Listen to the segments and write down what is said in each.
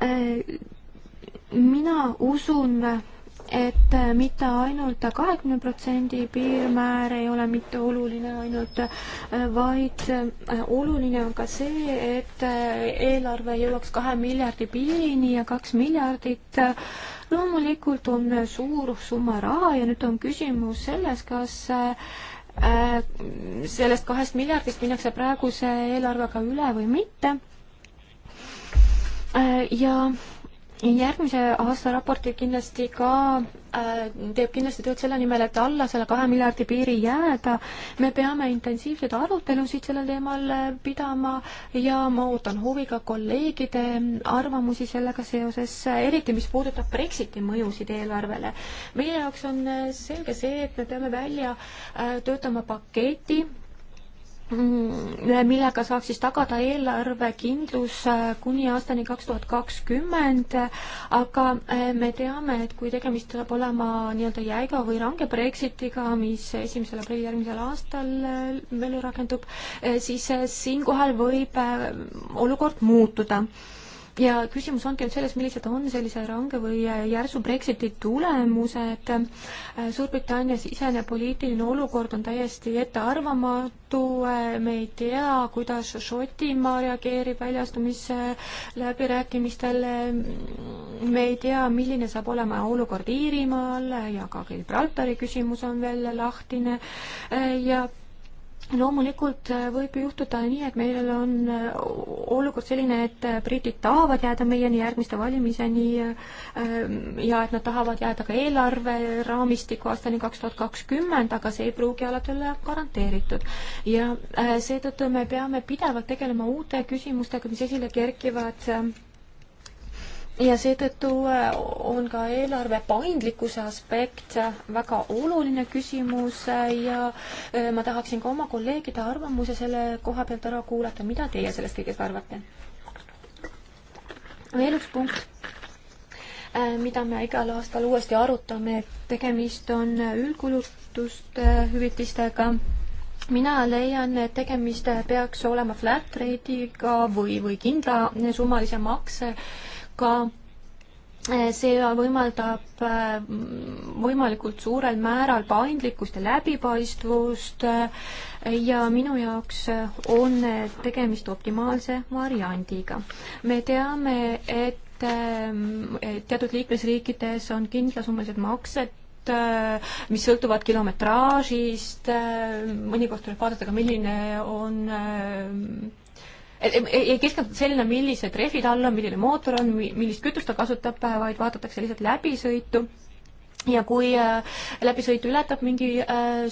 Äh, mina usun, et mitte ainult kahekümne protsendi piirmäär ei ole mitte oluline ainult, äh, vaid äh, oluline on ka see, et eelarve jõuaks kahe miljardi piirini ja kaks miljardit loomulikult on suur summa raha ja nüüd on küsimus selles, kas sellest kahest miljardist minnakse praeguse eelarvega üle või mitte Äh, ja järgmise aasta raporti kindlasti ka äh, teeb kindlasti tööd selle nimel, et alla selle kahe miljardi piiri jääda. me peame intensiivseid arutelusid sellel teemal äh, pidama ja ma ootan huviga kolleegide arvamusi sellega seoses, äh, eriti mis puudutab Brexiti mõjusid eelarvele. meie jaoks on selge see, et me peame välja äh, töötama paketi Mm, millega saaks siis tagada eelarvekindlus äh, kuni aastani kaks tuhat kakskümmend, aga äh, me teame, et kui tegemist saab olema nii-öelda jäiga või range Brexitiga, mis esimesel aprillil järgmisel aastal äh, veel rakendub, siis siinkohal võib olukord muutuda ja küsimus ongi nüüd selles, millised on sellise range või järsu Brexiti tulemused. Suurbritannia sisene poliitiline olukord on täiesti ettearvamatu, me ei tea, kuidas Šotimaa reageerib väljastumise läbirääkimistele, me ei tea, milline saab olema olukord Iirimaal ja ka Gibraltari küsimus on veel lahtine ja loomulikult äh, võib juhtuda nii, et meil on äh, olukord selline, et äh, britid tahavad jääda meieni järgmiste valimiseni ja et nad tahavad jääda ka eelarveraamistiku aastani kaks tuhat kakskümmend, aga see ei pruugi alati olla garanteeritud. ja seetõttu me peame pidevalt tegelema uute küsimustega, mis esile kerkivad ja seetõttu äh, on ka eelarve paindlikkuse aspekt väga oluline küsimus ja äh, ma tahaksin ka oma kolleegide arvamuse selle koha pealt ära kuulata, mida teie sellest kõigest arvate? veel üks punkt äh, mida me igal aastal uuesti arutame, et tegemist on üldkulutuste hüvitistega. mina leian, et tegemist peaks olema flat rate'iga või, või kindlasummalise makse ka eh, see võimaldab eh, võimalikult suurel määral paindlikkust ja läbipaistvust eh, ja minu jaoks on tegemist optimaalse variandiga. me teame, et teatud liikmesriikides on kindlasummelised maksed mis sõltuvad kilometraažist, mõnikord tuleb vaadata ka, milline on ei keskenduta sellele, millised rehvid all on, milline mootor on, millist kütust ta kasutab, äh, vaid vaadatakse lihtsalt läbisõitu ja kui äh, läbisõit ületab mingi äh,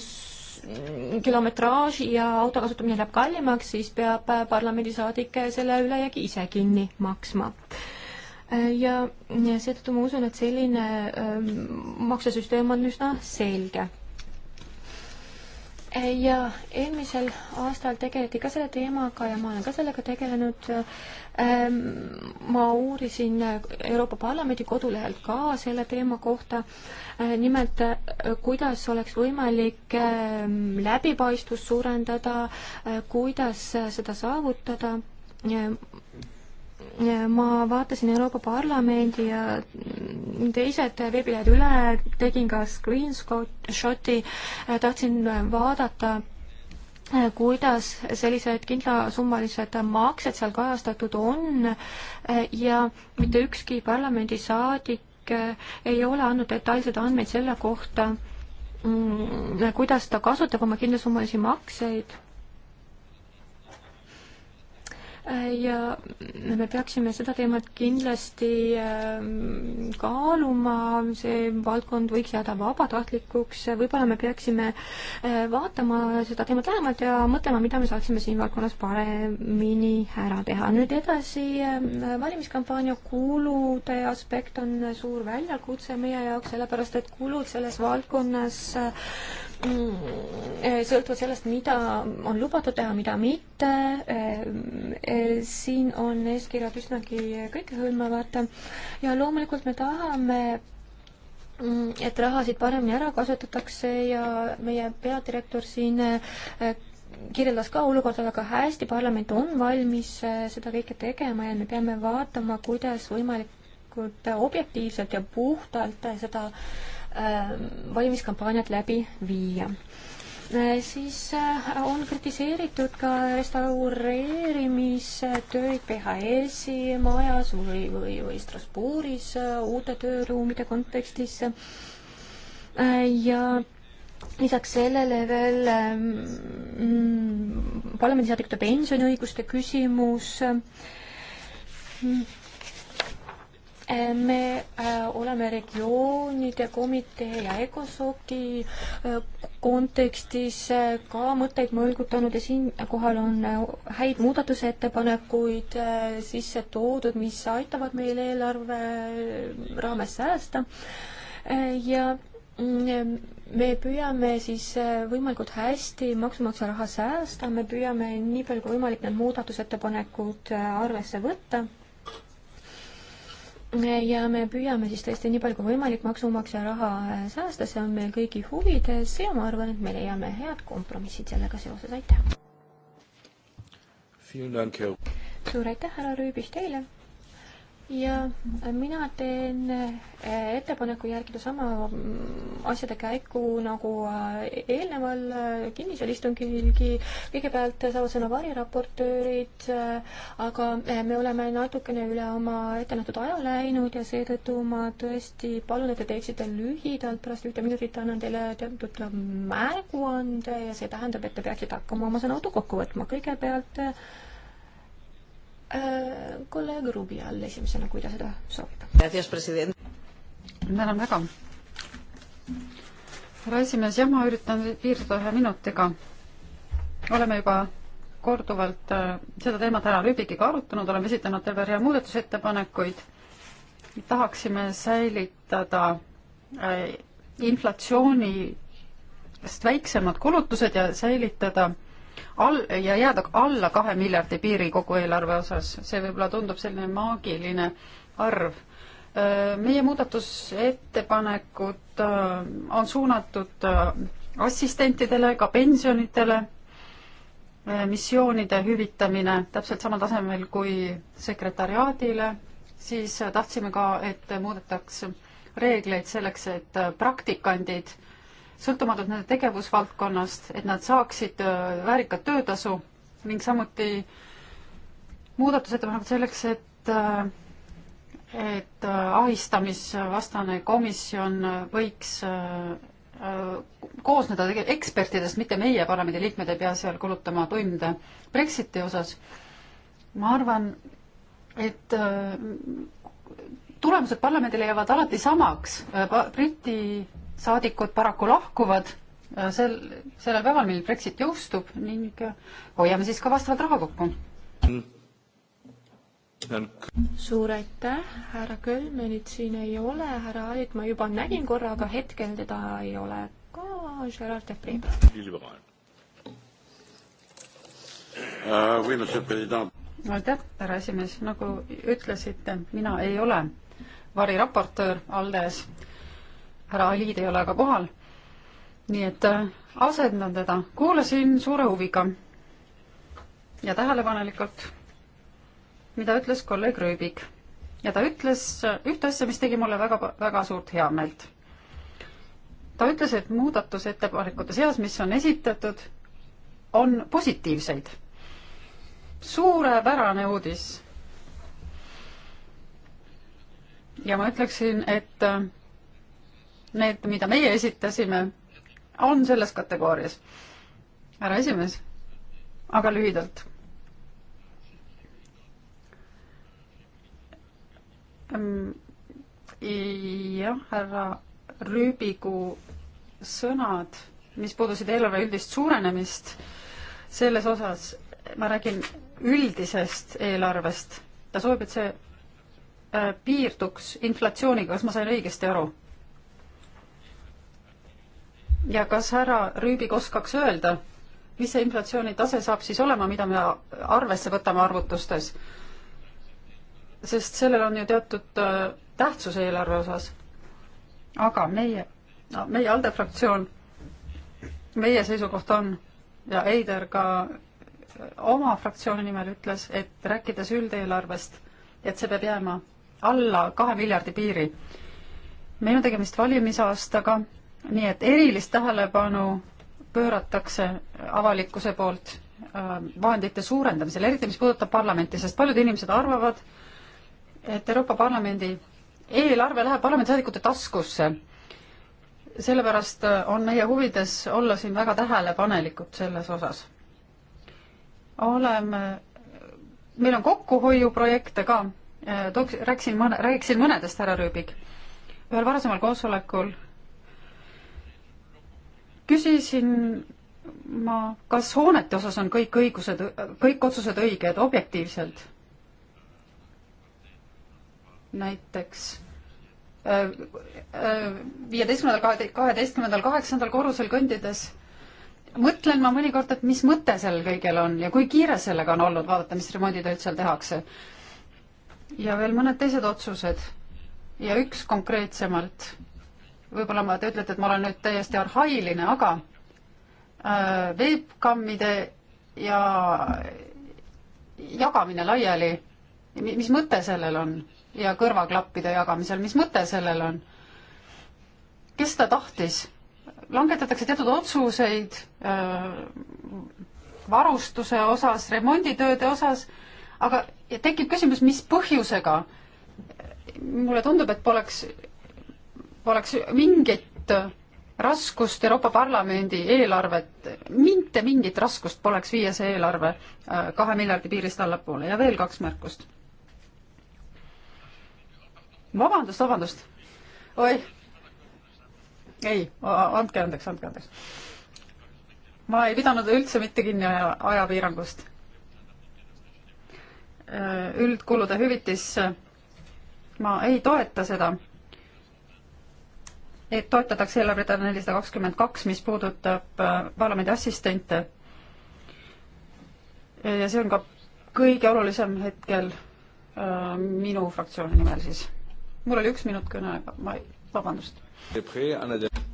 kilometraaži ja auto kasutamine läheb kallimaks, siis peab parlamendisaadik selle ülejäägi ise kinni maksma. ja seetõttu ma usun, et selline ähm, maksesüsteem on üsna selge ja eelmisel aastal tegeleti ka selle teemaga ja ma olen ka sellega tegelenud. Ähm, ma uurisin Euroopa Parlamendi kodulehelt ka selle teema kohta. Äh, nimelt, äh, kuidas oleks võimalik ähm, läbipaistvust suurendada, äh, kuidas seda saavutada ma vaatasin Euroopa Parlamendi ja teised veebilehed üle, tegin ka screenshot'i, tahtsin vaadata, kuidas sellised kindlasummalised maksed seal kajastatud on ja mitte ükski parlamendisaadik ei ole andnud detailseid andmeid selle kohta, mm, kuidas ta kasutab oma kindlasummalisi makseid ja me peaksime seda teemat kindlasti ähm, kaaluma, see valdkond võiks jääda vabatahtlikuks, võib-olla me peaksime äh, vaatama seda teemat lähemalt ja mõtlema, mida me saaksime siin valdkonnas paremini ära teha. nüüd edasi, ähm, valimiskampaania kulude aspekt on suur väljakutse meie jaoks, sellepärast et kulud selles valdkonnas äh, Mm, eh, sõltuvalt sellest, mida on lubatud teha, mida mitte. Eh, eh, siin on eeskirjad üsnagi kõikehõlmavad ja loomulikult me tahame mm, et rahasid paremini ära kasutatakse ja meie peadirektor siin kirjeldas ka olukorda väga hästi, parlament on valmis seda kõike tegema ja me peame vaatama, kuidas võimalikult objektiivselt ja puhtalt seda äh, Äh, valimiskampaaniat läbi viia. Äh, siis äh, on kritiseeritud ka restaureerimistöid PHS-i majas või, või, või Strasbourgis uute tööruumide kontekstis. ja lisaks sellele veel ähm, mm, parlamendisaadikute pensioniõiguste küsimus mm me äh, oleme regioonide komitee ja ECOSOC-i äh, kontekstis äh, ka mõtteid mõlgutanud ja siinkohal on häid muudatusettepanekuid sisse toodud, mis aitavad meil eelarve raames säästa ja mm, me püüame siis võimalikult hästi maksumaksja raha säästa, me püüame nii palju kui võimalik need muudatusettepanekud arvesse võtta ja me püüame siis tõesti nii palju kui võimalik maksumaksja raha äh, säästa, see on meil kõigi huvides ja ma arvan, et me leiame head kompromissid sellega seoses, aitäh! suur aitäh, härra Rüübis, teile! ja äh, mina teen äh, ettepaneku järgida sama mm, asjade käiku nagu äh, eelneval kinnisel istungilgi. kõigepealt saavad sõna variraportöörid, aga me oleme natukene üle oma ettenähtud aja läinud ja seetõttu ma tõesti palun, et te teeksite lühidalt, pärast ühte minutit annan teile teatud märguande ja see tähendab, et te peaksite hakkama oma sõnavõtu kokku võtma. kõigepealt äh, Äh, kolleeg Rubial esimesena, kui ta seda soovib. tänan väga. härra esimees, jah, ma üritan piirduda ühe minutiga. oleme juba korduvalt äh, seda teemat härra Rüübikiga arutanud, oleme esitanud terve rea muudatusettepanekuid. tahaksime säilitada äh, inflatsioonist väiksemad kulutused ja säilitada all ja jääda alla kahe miljardi piiri kogu eelarve osas, see võib-olla tundub selline maagiline arv. meie muudatusettepanekud on suunatud assistentidele, ka pensionitele, missioonide hüvitamine täpselt samal tasemel kui sekretariaadile, siis tahtsime ka, et muudetaks reegleid selleks, et praktikandid äh, sõltumatult nende tegevusvaldkonnast, et nad saaksid äh, väärikat töötasu ning samuti muudatusettepanekud selleks, et, äh, et äh, ahistamisvastane komisjon võiks koosneda ekspertidest, mitte meie parlamendi liikmed ei pea seal kulutama tunde Brexiti osas. ma arvan, et tulemused parlamendile jäävad alati samaks. Briti saadikud paraku lahkuvad äh, sel, sellel päeval, mil Brexit jõustub ning äh, hoiame siis ka vastavalt raha kokku. suur aitäh, härra Kölmenit siin ei ole, härra Aid ma juba nägin korra, aga hetkel teda ei ole ka, Gerard Depree. aitäh, härra esimees, nagu ütlesite, mina ei ole variraportöör ALDE-s härra Aliid ei ole aga kohal. nii et äh, asendan teda, kuulasin suure huviga ja tähelepanelikult, mida ütles kolleeg Rööbik. ja ta ütles äh, ühte asja, mis tegi mulle väga, väga suurt heameelt. ta ütles, et muudatusettepanekute seas, mis on esitatud, on positiivseid. suurepärane uudis ja ma ütleksin, et äh, Need, mida meie esitasime, on selles kategoorias. härra esimees, aga lühidalt. Ehm, jah, härra Rüübigu sõnad, mis puudusid eelarve üldist suurenemist, selles osas ma räägin üldisest eelarvest, ta soovib, et see äh, piirduks inflatsiooniga, kas ma sain õigesti aru? ja kas härra Rüübik oskaks öelda, mis see inflatsiooni tase saab siis olema, mida me arvesse võtame arvutustes? sest sellel on ju teatud äh, tähtsus eelarve osas. aga meie no,, meie ALDE fraktsioon, meie seisukoht on ja Eider ka äh, oma fraktsiooni nimel ütles, et rääkides üldeelarvest, et see peab jääma alla kahe miljardi piiri. meil on tegemist valimisaastaga nii et erilist tähelepanu pööratakse avalikkuse poolt ähm, vahendite suurendamisele, eriti mis puudutab parlamenti, sest paljud inimesed arvavad, et Euroopa Parlamendi eelarve läheb parlamendisaadikute taskusse. sellepärast äh, on meie huvides olla siin väga tähelepanelikud selles osas. oleme, meil on kokkuhoiuprojekte ka, äh, tooks, rääkisin mõne, rääkisin mõnedest, härra Rüübik. ühel varasemal koosolekul küsisin ma, kas hoonete osas on kõik õigused, kõik otsused õiged objektiivselt? näiteks äh, äh, viieteistkümnendal, kaheteistkümnendal, kaheksandal korrusel kõndides mõtlen ma mõnikord, et mis mõte sellel kõigel on ja kui kiire sellega on olnud, vaadata, mis remonditööd seal tehakse. ja veel mõned teised otsused ja üks konkreetsemalt võib-olla ma, te ütlete, et ma olen nüüd täiesti arhailine, aga äh, veebkammide ja jagamine laiali, mis mõte sellel on? ja kõrvaklappide jagamisel, mis mõte sellel on? kes seda tahtis? langetatakse teatud otsuseid äh, varustuse osas, remonditööde osas, aga tekib küsimus, mis põhjusega? mulle tundub, et poleks poleks mingit raskust Euroopa Parlamendi eelarvet, mitte mingit raskust poleks viia see eelarve äh, kahe miljardi piirist allapoole ja veel kaks märkust. vabandust, vabandust. oih. ei, andke andeks, andke andeks. ma ei pidanud üldse mitte kinni aja, ajapiirangust. Äh, üldkulude hüvitis, ma ei toeta seda et toetatakse eelarvet nelisada kakskümmend kaks, mis puudutab äh, parlamendi assistente. ja see on ka kõige olulisem hetkel äh, minu fraktsiooni nimel siis. mul oli üks minut kõneaega, ma, vabandust.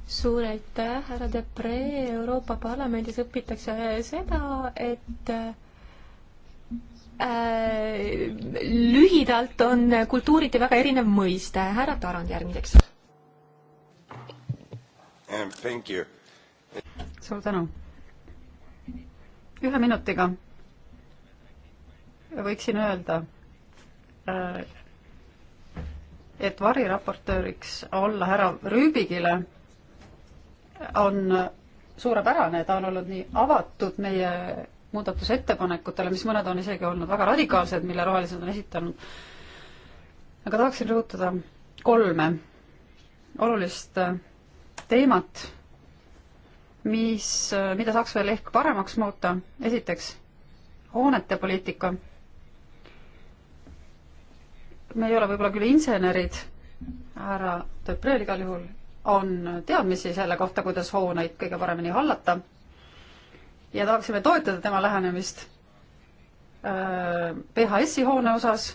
suur aitäh, härra Depre, Euroopa Parlamendis õpitakse seda, et äh, lühidalt on kultuuriti väga erinev mõiste. härra Tarand järgmiseks suur tänu. ühe minutiga võiksin öelda, äh, et variraportööriks olla härra Rüübigile on suurepärane, ta on olnud nii avatud meie muudatusettepanekutele, mis mõned on isegi olnud väga radikaalsed, mille rohelised on esitanud. aga tahaksin rõhutada kolme olulist äh, teemat, mis, mida saaks veel ehk paremaks muuta. esiteks, hoonete poliitika. me ei ole võib-olla küll insenerid, härra Töpreel igal juhul on teadmisi selle kohta, kuidas hooneid kõige paremini hallata ja tahaksime toetada tema lähenemist äh, PHS-i hoone osas.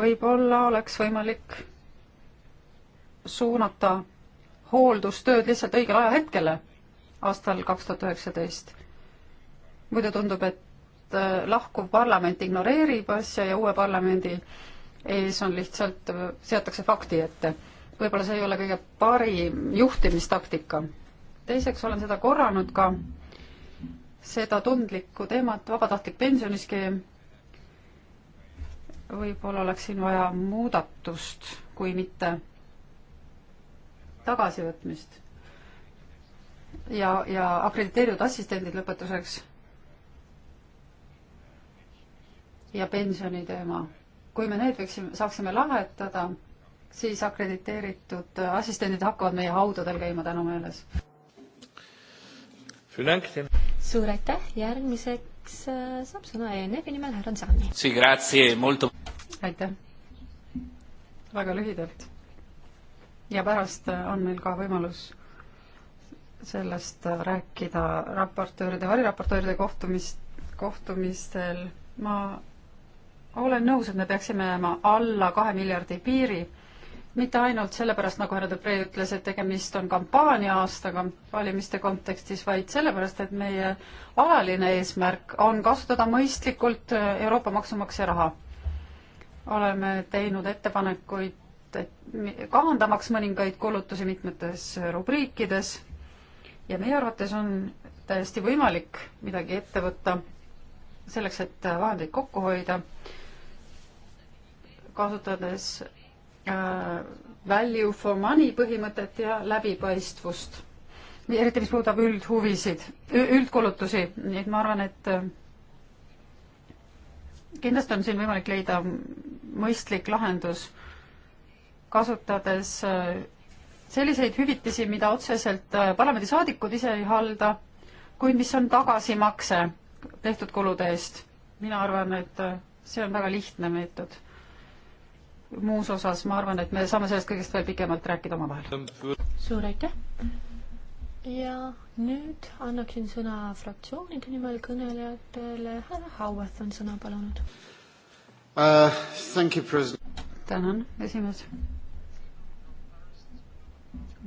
võib-olla oleks võimalik suunata hooldustööd lihtsalt õigel ajahetkele aastal kaks tuhat üheksateist. muidu tundub, et äh, lahkuv parlament ignoreerib asja ja uue parlamendi ees on lihtsalt, äh, seatakse fakti ette. võib-olla see ei ole kõige parim juhtimistaktika. teiseks olen seda korranud ka, seda tundlikku teemat, vabatahtlik pensioniskeem, võib-olla oleks siin vaja muudatust, kui mitte tagasivõtmist. ja, ja akrediteeritud assistendid lõpetuseks. ja pensioni teema. kui me need võiksime, saaksime lahetada, siis akrediteeritud assistendid hakkavad meie haudadel käima tänumeeles. suur aitäh, järgmiseks äh, saab sõna ENF-i nimel härra Zani. aitäh, väga lühidalt ja pärast äh, on meil ka võimalus sellest äh, rääkida raportööride, variraportööride kohtumist, kohtumistel. ma olen nõus, et me peaksime jääma alla kahe miljardi piiri, mitte ainult sellepärast, nagu härra Debre ütles, et tegemist on kampaania aastaga valimiste kontekstis, vaid sellepärast, et meie alaline eesmärk on kasutada mõistlikult äh, Euroopa maksumaksja raha. oleme teinud ettepanekuid kahandamaks mõningaid kulutusi mitmetes rubriikides ja meie arvates on täiesti võimalik midagi ette võtta selleks, et vahendeid kokku hoida, kasutades äh, value for money põhimõtet ja läbipaistvust. eriti, mis puudutab üldhuvisid, üldkulutusi, nii et ma arvan, et äh, kindlasti on siin võimalik leida mõistlik lahendus äh, kasutades äh, selliseid hüvitisi, mida otseselt äh, parlamendisaadikud ise ei halda, kuid mis on tagasimakse tehtud kulude eest. mina arvan, et äh, see on väga lihtne meetod. muus osas ma arvan, et me saame sellest kõigest veel pikemalt rääkida omavahel. suur aitäh! ja nüüd annaksin sõna fraktsioonide nimel kõnelejatele. härra Hauath on sõna palunud uh,. tänan, esimees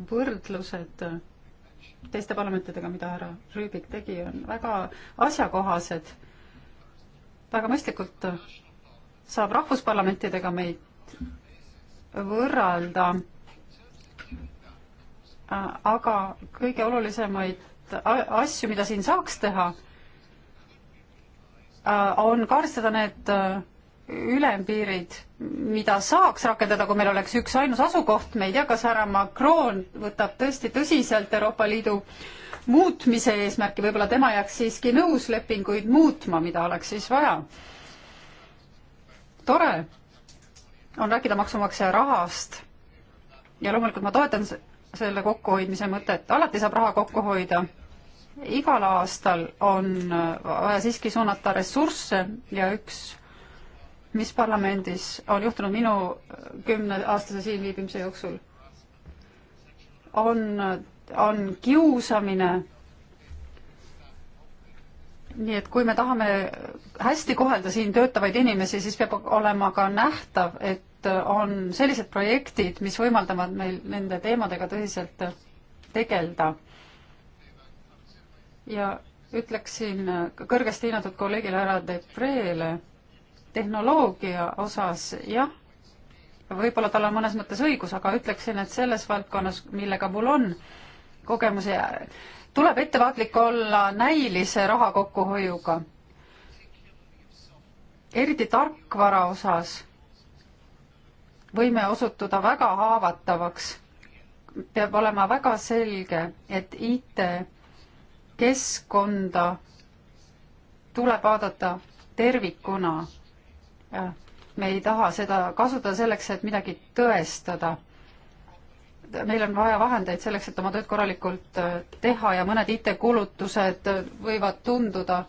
võrdlused teiste parlamentidega, mida härra Rüübik tegi, on väga asjakohased. väga mõistlikult saab rahvusparlamentidega meid võrrelda, aga kõige olulisemaid asju, mida siin saaks teha, on kaardistada need ülempiirid, mida saaks rakendada, kui meil oleks üksainus asukoht, me ei tea, kas härra Macron võtab tõesti tõsiselt Euroopa Liidu muutmise eesmärki, võib-olla tema jääks siiski nõus lepinguid muutma, mida oleks siis vaja. tore on rääkida maksumaksja rahast ja loomulikult ma toetan selle kokkuhoidmise mõtet, alati saab raha kokku hoida igal aastal on vaja siiski suunata ressursse ja üks mis parlamendis on juhtunud minu kümneaastase siinviibimise jooksul, on, on kiusamine. nii et kui me tahame hästi kohelda siin töötavaid inimesi, siis peab olema ka nähtav, et on sellised projektid, mis võimaldavad meil nende teemadega tõsiselt tegeleda. ja ütleksin kõrgesti hinnatud kolleegile härra Depreele tehnoloogia osas jah, võib-olla tal on mõnes mõttes õigus, aga ütleksin, et selles valdkonnas, millega mul on kogemuse, tuleb ettevaatlik olla näilise raha kokkuhoiuga. eriti tarkvara osas võime osutuda väga haavatavaks. peab olema väga selge, et IT-keskkonda tuleb vaadata tervikuna me ei taha seda kasutada selleks, et midagi tõestada. meil on vaja vahendeid selleks, et oma tööd korralikult äh, teha ja mõned IT-kulutused äh, võivad tunduda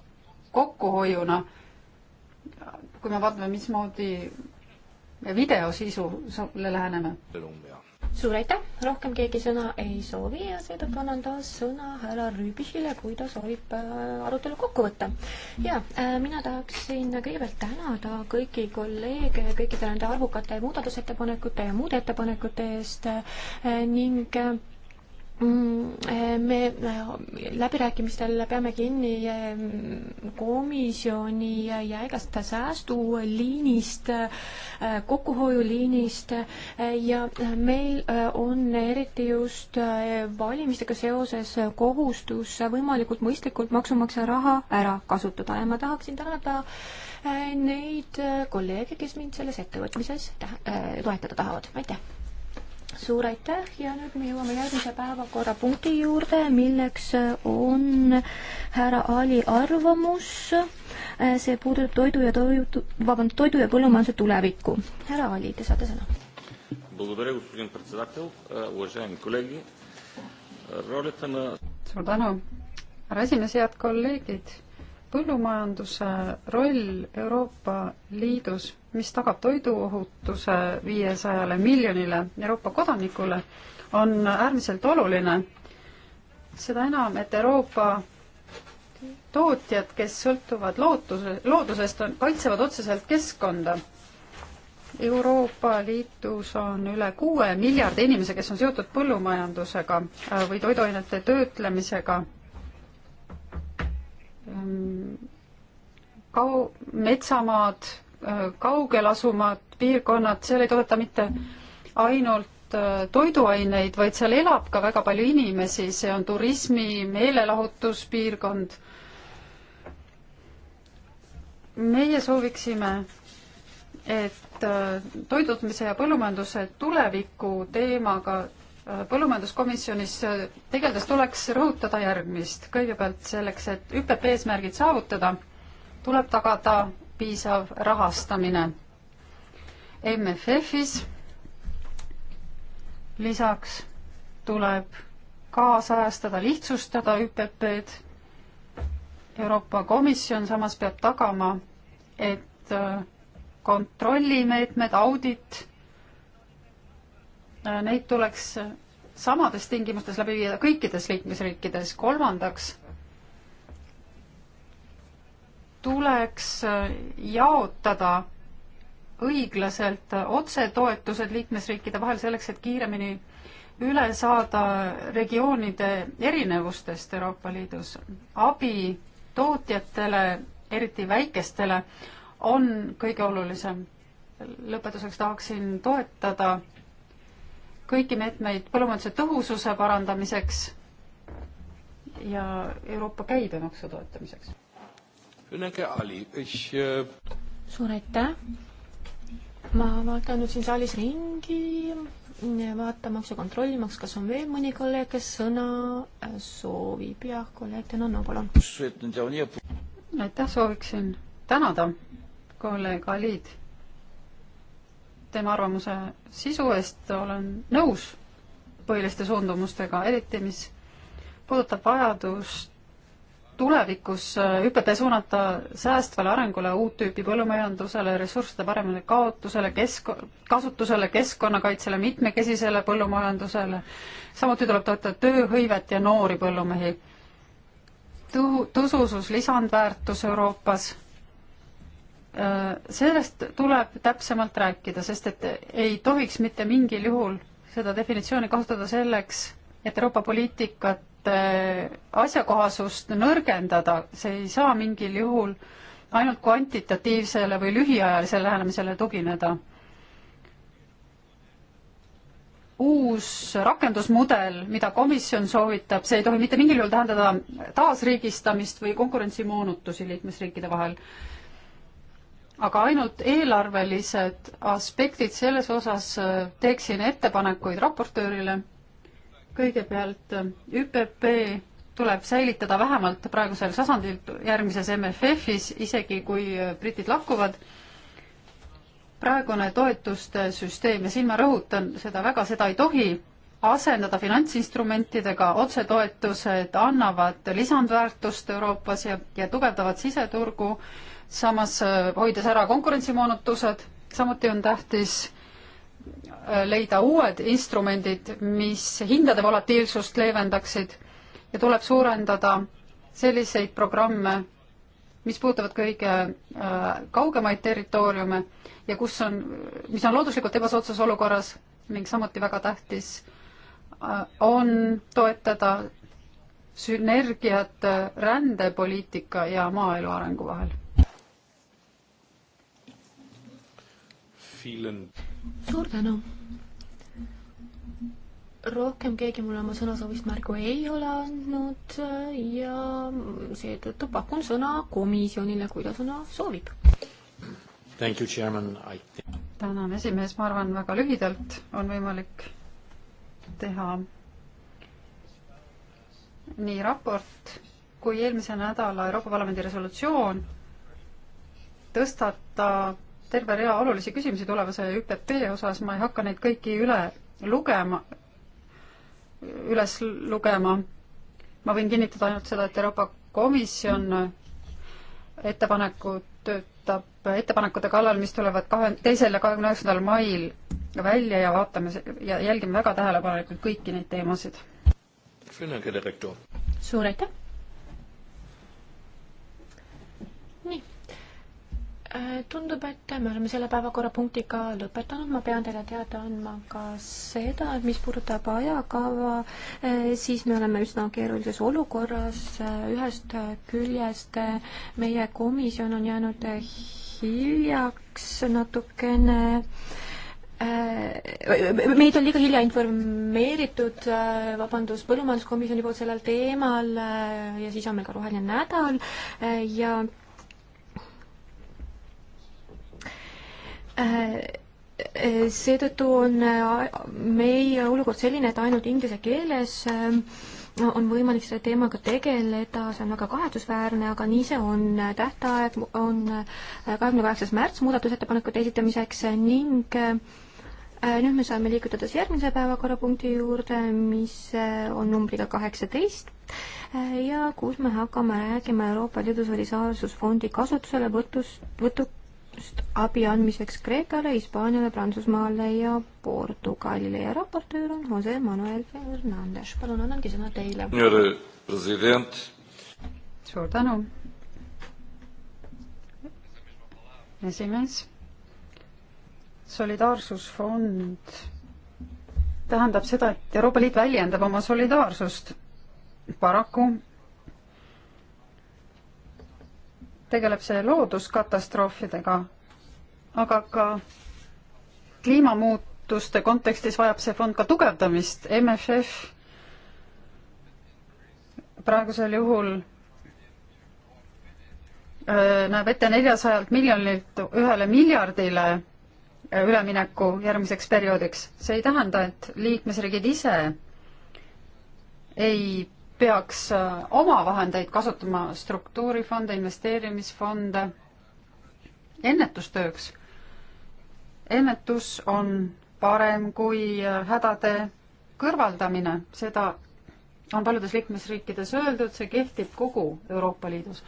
kokkuhoiuna. kui me vaatame, mismoodi videosisu, sellele läheneme suur aitäh, rohkem keegi sõna ei soovi ja seetõttu annan taas sõna härra Rüübichile, kui ta soovib äh, arutelu kokku võtta. ja äh, mina tahaksin kõigepealt tänada kõiki kolleege kõikide nende arvukate muudatusettepanekute ja muude ettepanekute eest äh, ning Mm, eh, me eh, läbirääkimistel peame kinni eh, komisjoni jäigast säästuliinist, kokkuhoiuliinist ja meil on eriti just valimistega seoses kohustus võimalikult mõistlikult maksumaksja raha ära kasutada ja ma tahaksin tänada neid kolleege, kes mind selles ettevõtmises toetada tahavad, aitäh! suur aitäh ja nüüd me jõuame järgmise päevakorrapunkti juurde, milleks on härra Ali arvamus. see puudutab toidu ja toidu, vabandust, toidu ja põllumajanduse tulevikku. härra Ali, te saate sõna. Э, suur tänu, härra esimees, head kolleegid. põllumajanduse roll Euroopa Liidus mis tagab toiduohutuse viiesajale miljonile Euroopa kodanikule, on äärmiselt oluline. seda enam, et Euroopa tootjad, kes sõltuvad lootuse, loodusest, kaitsevad otseselt keskkonda. Euroopa Liidus on üle kuue miljardi inimese, kes on seotud põllumajandusega äh, või toiduainete töötlemisega kau-, metsamaad Äh, kaugel asuvad piirkonnad, seal ei toodeta mitte ainult äh, toiduaineid, vaid seal elab ka väga palju inimesi, see on turismi, meelelahutuspiirkond. meie sooviksime, et äh, toidutamise ja põllumajanduse tuleviku teemaga põllumajanduskomisjonis tegeldes tuleks rõhutada järgmist. kõigepealt selleks, et ÜPP eesmärgid saavutada, tuleb tagada piisav rahastamine. MFF-is lisaks tuleb kaasajastada, lihtsustada ÜPP-d. Euroopa Komisjon samas peab tagama, et äh, kontrollimeetmed, audit, äh, neid tuleks samades tingimustes läbi viia kõikides liikmesriikides. kolmandaks tuleks äh, jaotada õiglaselt äh, otsetoetused liikmesriikide vahel selleks, et kiiremini üle saada regioonide erinevustest Euroopa Liidus. abi tootjatele, eriti väikestele, on kõige olulisem. lõpetuseks tahaksin toetada kõiki meetmeid põllumajanduse tõhususe parandamiseks ja Euroopa käibemaksu toetamiseks Äh, suur aitäh! ma vaatan nüüd siin saalis ringi, vaatamaks ja kontrollimaks, kas on veel mõni kolleeg, kes sõna äh, soovib. jah, kolleeg Tõnanno, palun. aitäh, sooviksin tänada kolleeg Alid tema arvamuse sisu eest, olen nõus põhiliste suundumustega, eriti mis puudutab vajadust tulevikus äh, hüpete suunata säästvale arengule, uut tüüpi põllumajandusele, ressursside paremale kaotusele, kesk-, kasutusele, keskkonnakaitsele, mitmekesisele põllumajandusele. samuti tuleb toetada tööhõivet ja noori põllumehi. Tu-, tususus, lisandväärtus Euroopas, äh, sellest tuleb täpsemalt rääkida, sest et ei tohiks mitte mingil juhul seda definitsiooni kasutada selleks, et Euroopa poliitikat Äh, asjakohasust nõrgendada, see ei saa mingil juhul ainult kvantitatiivsele või lühiajalisele lähenemisele tugineda. uus rakendusmudel, mida komisjon soovitab, see ei tohi mitte mingil juhul tähendada taasriigistamist või konkurentsimoonutusi liikmesriikide vahel. aga ainult eelarvelised aspektid, selles osas äh, teeksin ettepanekuid raportöörile kõigepealt ÜPP tuleb säilitada vähemalt praegusel sasandil järgmises MFF-is, isegi kui britid lahkuvad. praegune toetuste süsteem ja siin ma rõhutan seda väga, seda ei tohi asendada finantsinstrumentidega, otsetoetused annavad lisandväärtust Euroopas ja, ja tugevdavad siseturgu, samas hoides ära konkurentsimoonutused, samuti on tähtis leida uued instrumendid, mis hindade volatiilsust leevendaksid ja tuleb suurendada selliseid programme, mis puudutavad kõige äh, kaugemaid territooriume ja kus on, mis on looduslikult ebasoodsas olukorras ning samuti väga tähtis äh, on toetada sünergiat äh, rändepoliitika ja maaelu arengu vahel suur tänu. rohkem keegi mulle oma sõnasoovist märku ei ole andnud äh, ja seetõttu pakun sõna komisjonile, kui ta sõna soovib. tänan, esimees, ma arvan, väga lühidalt on võimalik teha nii raport kui eelmise nädala Euroopa Parlamendi resolutsioon tõstatab terve rea olulisi küsimusi tulevase ÜPP osas, ma ei hakka neid kõiki üle lugema, üles lugema. ma võin kinnitada ainult seda, et Euroopa Komisjon ettepanekud töötab ettepanekute kallal, mis tulevad kahe, teisel ja kahekümne üheksandal mail välja ja vaatame ja jälgime väga tähelepanelikult kõiki neid teemasid. suur aitäh! nii Äh, tundub, et me oleme selle päevakorrapunktiga lõpetanud, ma pean teile teada andma ka seda, et mis puudutab ajakava, äh, siis me oleme üsna keerulises olukorras, äh, ühest küljest meie komisjon on jäänud hiljaks natukene meid on liiga hilja informeeritud, vabandust, põllumajanduskomisjoni poolt sellel teemal ja siis on meil ka roheline nädal ja Äh, äh, seetõttu on äh, meie olukord selline, et ainult inglise keeles on võimalik selle teemaga tegeleda, see on väga kahetsusväärne, aga nii see on. tähtaeg on kahekümne kaheksas märts muudatusettepanekute esitamiseks ning nüüd me saame liikuda edasi järgmise päevakorrapunkti juurde, mis on numbriga kaheksateist ja kus me hakkame rääkima Euroopa Liidu solidaarsusfondi kasutuselevõtust, võtu-, toetust abi andmiseks Kreekale, Hispaaniale, Prantsusmaale ja Portugalile ja raportöör on Jose Manuel Fernandes. palun annangi sõna teile. suur tänu. esimees, solidaarsusfond tähendab seda, et Euroopa Liit väljendab oma solidaarsust. paraku tegeleb see looduskatastroofidega, aga ka kliimamuutuste kontekstis vajab see fond ka tugevdamist. MFF praegusel juhul äh, näeb ette neljasajalt miljonilt ühele miljardile äh, ülemineku järgmiseks perioodiks. see ei tähenda, et liikmesriigid ise ei peaks äh, oma vahendeid kasutama struktuurifonde, investeerimisfonde ennetustööks. ennetus on parem kui äh, hädade kõrvaldamine, seda on paljudes liikmesriikides öeldud, see kehtib kogu Euroopa Liidus.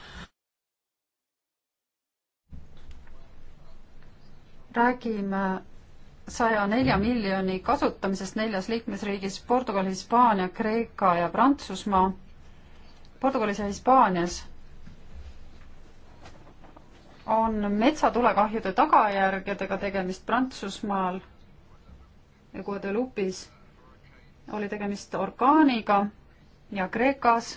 räägime saja nelja miljoni kasutamisest neljas liikmesriigis Portugal, Hispaania, Kreeka ja Prantsusmaa. Portugalis ja Hispaanias on metsatulekahjude tagajärgedega tegemist Prantsusmaal ja Guadeloupis oli tegemist orkaaniga ja Kreekas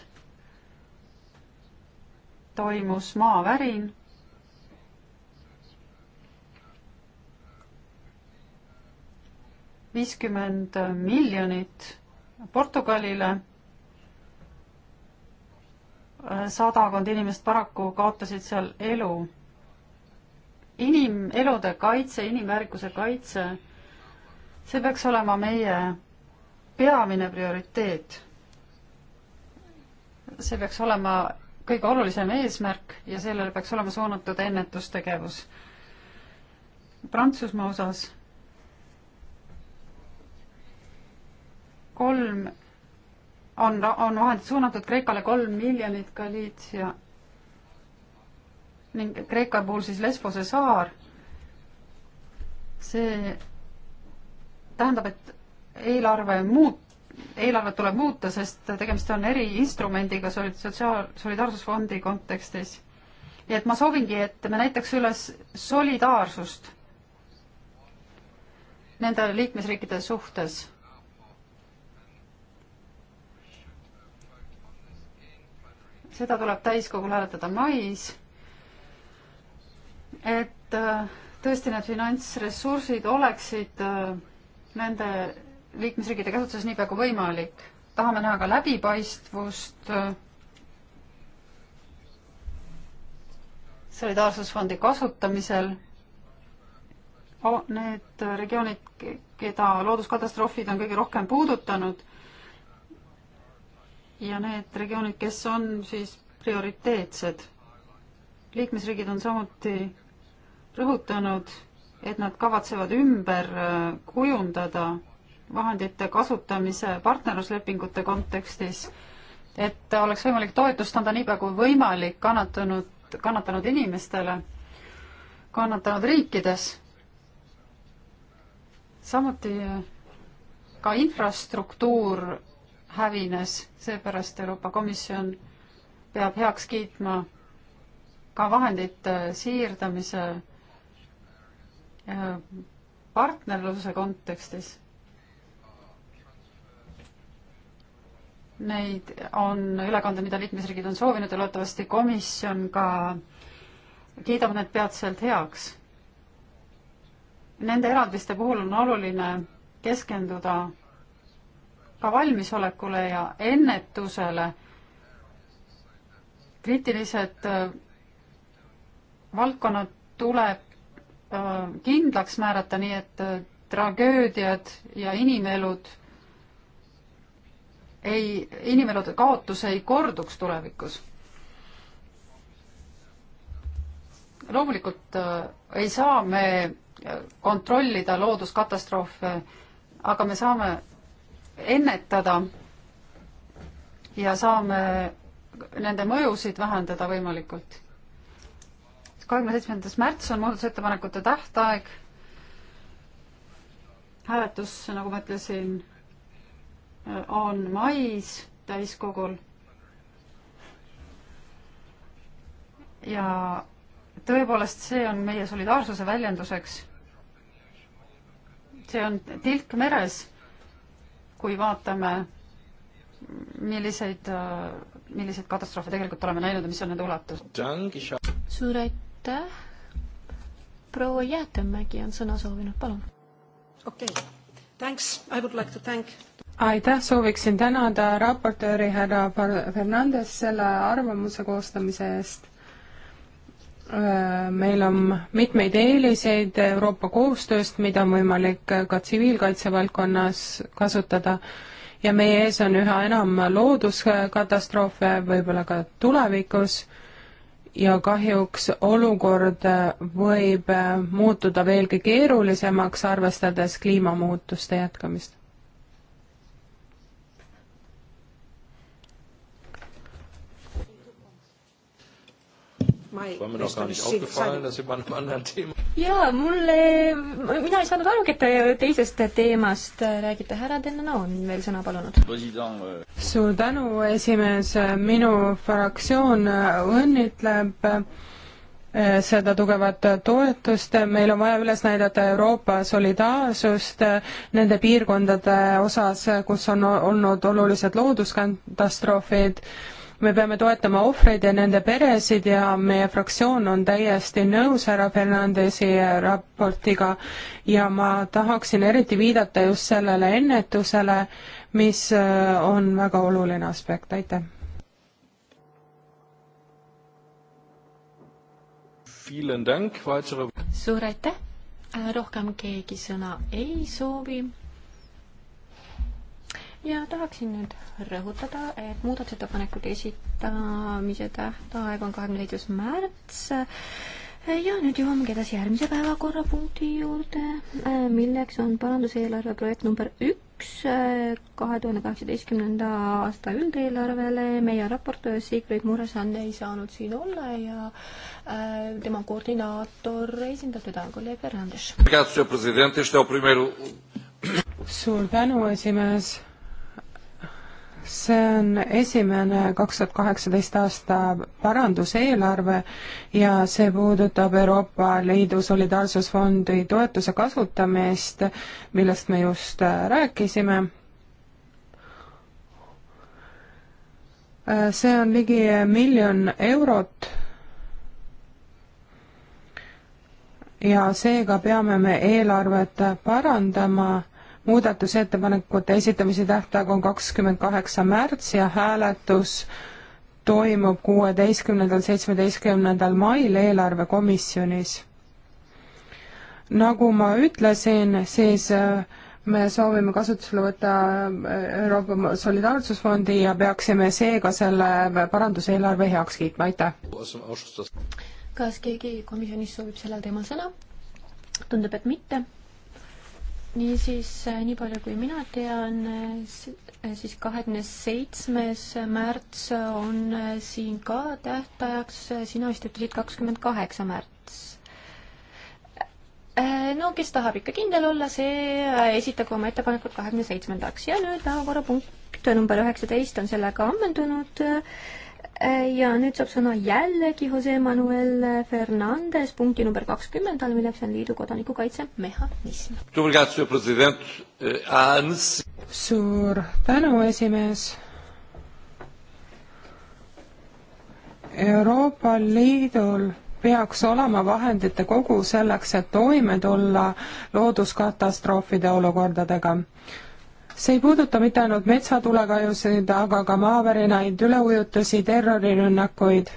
toimus maavärin viiskümmend miljonit Portugalile. sadakond inimest paraku kaotasid seal elu. inimelude kaitse, inimväärikuse kaitse, see peaks olema meie peamine prioriteet. see peaks olema kõige olulisem eesmärk ja sellele peaks olema suunatud ennetustegevus. Prantsusmaa osas kolm on, on vahendid suunatud Kreekale kolm miljonit Galiitsia ning Kreeka puhul siis Lesbose saar. see tähendab, et eelarve muut-, eelarvet tuleb muuta, sest tegemist on eriinstrumendiga solid-, sotsiaal-, solidaarsusfondi kontekstis. nii et ma soovingi, et me näitaks üles solidaarsust nende liikmesriikide suhtes seda tuleb täiskogul hääletada mais. et äh, tõesti need finantsressursid oleksid äh, nende liikmesriikide käsutuses niipea kui võimalik. tahame näha ka läbipaistvust äh, solidaarsusfondi kasutamisel oh,. Need regioonid, keda looduskatastroofid on kõige rohkem puudutanud ja need regioonid, kes on siis prioriteetsed. liikmesriigid on samuti rõhutanud, et nad kavatsevad ümber äh, kujundada vahendite kasutamise partnerluslepingute kontekstis, et oleks võimalik toetust anda niipea kui võimalik kannatanud, kannatanud inimestele, kannatanud riikides. samuti äh, ka infrastruktuur hävines, seepärast Euroopa Komisjon peab heaks kiitma ka vahendite siirdamise äh, partnerluse kontekstis. Neid on ülekande, mida liikmesriigid on soovinud ja loodetavasti komisjon ka kiidab need peatselt heaks. Nende eraldiste puhul on oluline keskenduda ka valmisolekule ja ennetusele. kriitilised äh, valdkonnad tuleb äh, kindlaks määrata, nii et äh, tragöödiad ja inimelud ei, inimelude kaotus ei korduks tulevikus. loomulikult äh, ei saa me kontrollida looduskatastroofe, aga me saame ennetada ja saame nende mõjusid vähendada võimalikult. kahekümne seitsmendas märts on muudatusettepanekute tähtaeg. hääletus, nagu ma ütlesin, on mais täiskogul. ja tõepoolest, see on meie solidaarsuse väljenduseks. see on tilk meres kui vaatame, milliseid, milliseid katastroofe tegelikult oleme näinud ja mis on nende ulatus. suur aitäh! proua Jäätemägi on sõna soovinud, palun. okei okay., thanks, I would like to thank aitäh, sooviksin tänada raportööri härra Fernandes selle arvamuse koostamise eest Äh, meil on mitmeid eeliseid Euroopa koostööst, mida on võimalik ka tsiviilkaitse valdkonnas kasutada ja meie ees on üha enam looduskatastroofe, võib-olla ka tulevikus, ja kahjuks olukord võib muutuda veelgi keerulisemaks, arvestades kliimamuutuste jätkamist war mir noch gar nicht aufgefallen, dass wir bei einem anderen Thema. jaa, mulle, mina ei saanud arugi, et te teisest teemast räägite. härra Denno on veel sõna palunud. Euh, suur tänu, esimees. minu fraktsioon õnnitleb äh, seda tugevat toetust, meil on vaja üles näidata Euroopa solidaarsust äh, nende piirkondade osas, kus on olnud olulised looduskatastroofid me peame toetama ohvreid ja nende peresid ja meie fraktsioon on täiesti nõus härra Fernandesi raportiga ja ma tahaksin eriti viidata just sellele ennetusele, mis äh, on väga oluline aspekt, aitäh. suur aitäh, äh, rohkem keegi sõna ei soovi ja tahaksin nüüd rõhutada, et muudatusettepanekute esitamise tähtaeg on kahekümne seitsmes märts. ja nüüd jõuamegi edasi järgmise päevakorrapunkti juurde, milleks on paranduseelarve projekt number üks kahe tuhande kaheksateistkümnenda aasta üldeelarvele. meie raportöör Sigrid Muresan ei saanud siin olla ja äh, tema koordinaator esindab teda, kolleeg Fernandes. suur tänu, esimees see on esimene kaks tuhat kaheksateist aasta paranduseelarve ja see puudutab Euroopa Liidu Solidaarsusfondi toetuse kasutamist, millest me just äh, rääkisime. Äh, see on ligi miljon eurot ja seega peame me eelarvet parandama muudatusettepanekute esitamise tähtaeg on kakskümmend kaheksa märts ja hääletus toimub kuueteistkümnendal, seitsmeteistkümnendal mail eelarvekomisjonis. nagu ma ütlesin, siis äh, me soovime kasutusele võtta äh, Euroopa Solidaarsusfondi ja peaksime seega selle paranduseelarve heaks kiitma, aitäh! kas keegi komisjonis soovib sellel teemal sõna? tundub, et mitte niisiis, äh, nii palju kui mina tean, äh, äh, siis kahekümne seitsmes märts on siin ka tähtajaks, sina vist ütlesid kakskümmend kaheksa märts. no kes tahab ikka kindel olla, see esitagu oma ettepanekud kahekümne seitsmendaks ja nüüd päevakorrapunkt number üheksateist on sellega ammendunud ja nüüd saab sõna jällegi Jose Manuel Fernandez punkti number kakskümmend all, milleks on liidu kodanikukaitsemehhanism. Eh, suur tänu, esimees. Euroopa Liidul peaks olema vahendite kogu selleks, et toime tulla looduskatastroofide olukordadega see ei puuduta mitte ainult metsatulekahjusid, aga ka maavärinaid, üleujutusi, terrorirünnakuid.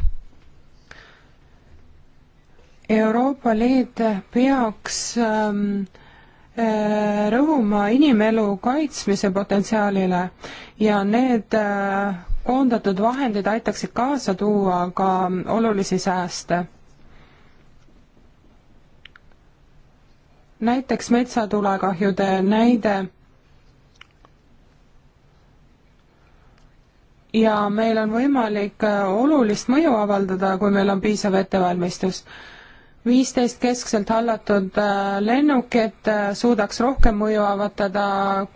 Euroopa Liit peaks ähm, äh, rõhuma inimelu kaitsmise potentsiaalile ja need äh, koondatud vahendid aitaksid kaasa tuua ka olulisi sääste näiteks metsatulekahjude näide ja meil on võimalik äh, olulist mõju avaldada, kui meil on piisav ettevalmistus. viisteist keskselt hallatud äh, lennukit äh, suudaks rohkem mõju avaldada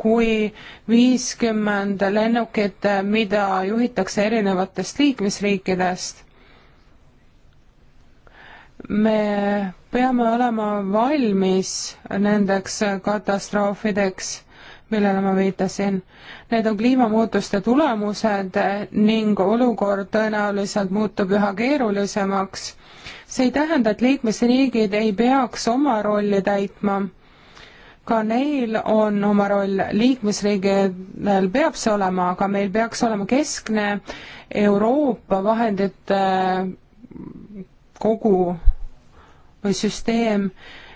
kui viiskümmend lennukit, mida juhitakse erinevatest liikmesriikidest. me peame olema valmis nendeks katastroofideks millele ma viitasin. Need on kliimamuutuste tulemused ning olukord tõenäoliselt muutub üha keerulisemaks. see ei tähenda, et liikmesriigid ei peaks oma rolli täitma. ka neil on oma roll, liikmesriigidel peab see olema, aga meil peaks olema keskne Euroopa vahendite kogu või süsteem,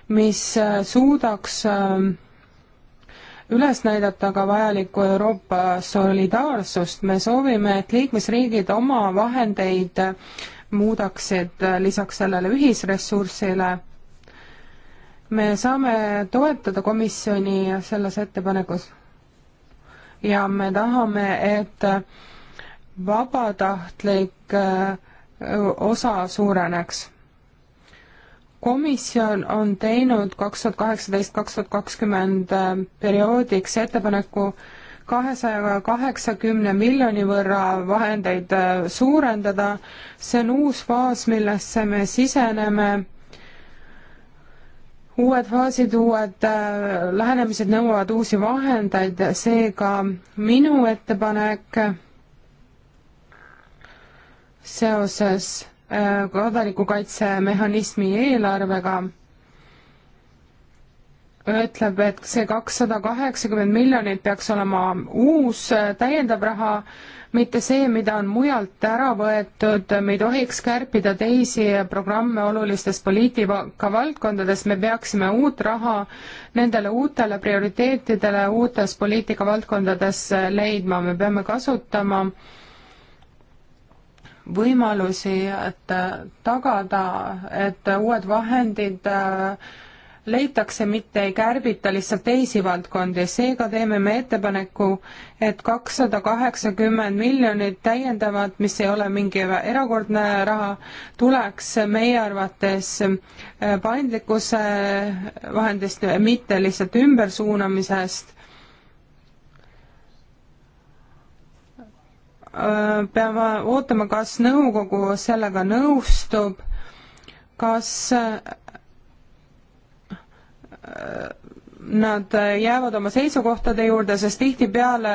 mis suudaks äh, üles näidata ka vajalikku Euroopa solidaarsust, me soovime, et liikmesriigid oma vahendeid muudaksid lisaks sellele ühisressursile. me saame toetada komisjoni selles ettepanekus ja me tahame, et vabatahtlik äh, osa suureneks komisjon on teinud kaks tuhat kaheksateist, kaks tuhat kakskümmend äh, perioodiks ettepaneku kahesaja kaheksakümne miljoni võrra vahendeid äh, suurendada. see on uus faas, millesse me siseneme. uued faasid, uued äh, lähenemised nõuavad uusi vahendeid, seega minu ettepanek seoses Äh, kodanikukaitsemehhanismi eelarvega, ütleb, et see kakssada kaheksakümmend miljonit peaks olema uus äh, täiendav raha, mitte see, mida on mujalt ära võetud, me ei tohiks kärpida teisi programme olulistest poliitika valdkondadest, me peaksime uut raha nendele uutele prioriteetidele uutes poliitikavaldkondades leidma, me peame kasutama äh, võimalusi, et tagada, et uued vahendid äh, leitakse, mitte ei kärbita lihtsalt teisi valdkondi, seega teeme me ettepaneku, et kakssada kaheksakümmend miljonit täiendavat, mis ei ole mingi erakordne raha, tuleks meie arvates äh, paindlikkuse vahendist, mitte lihtsalt ümbersuunamisest Äh, peame ootama, kas nõukogu sellega nõustub, kas äh, nad jäävad oma seisukohtade juurde, sest tihtipeale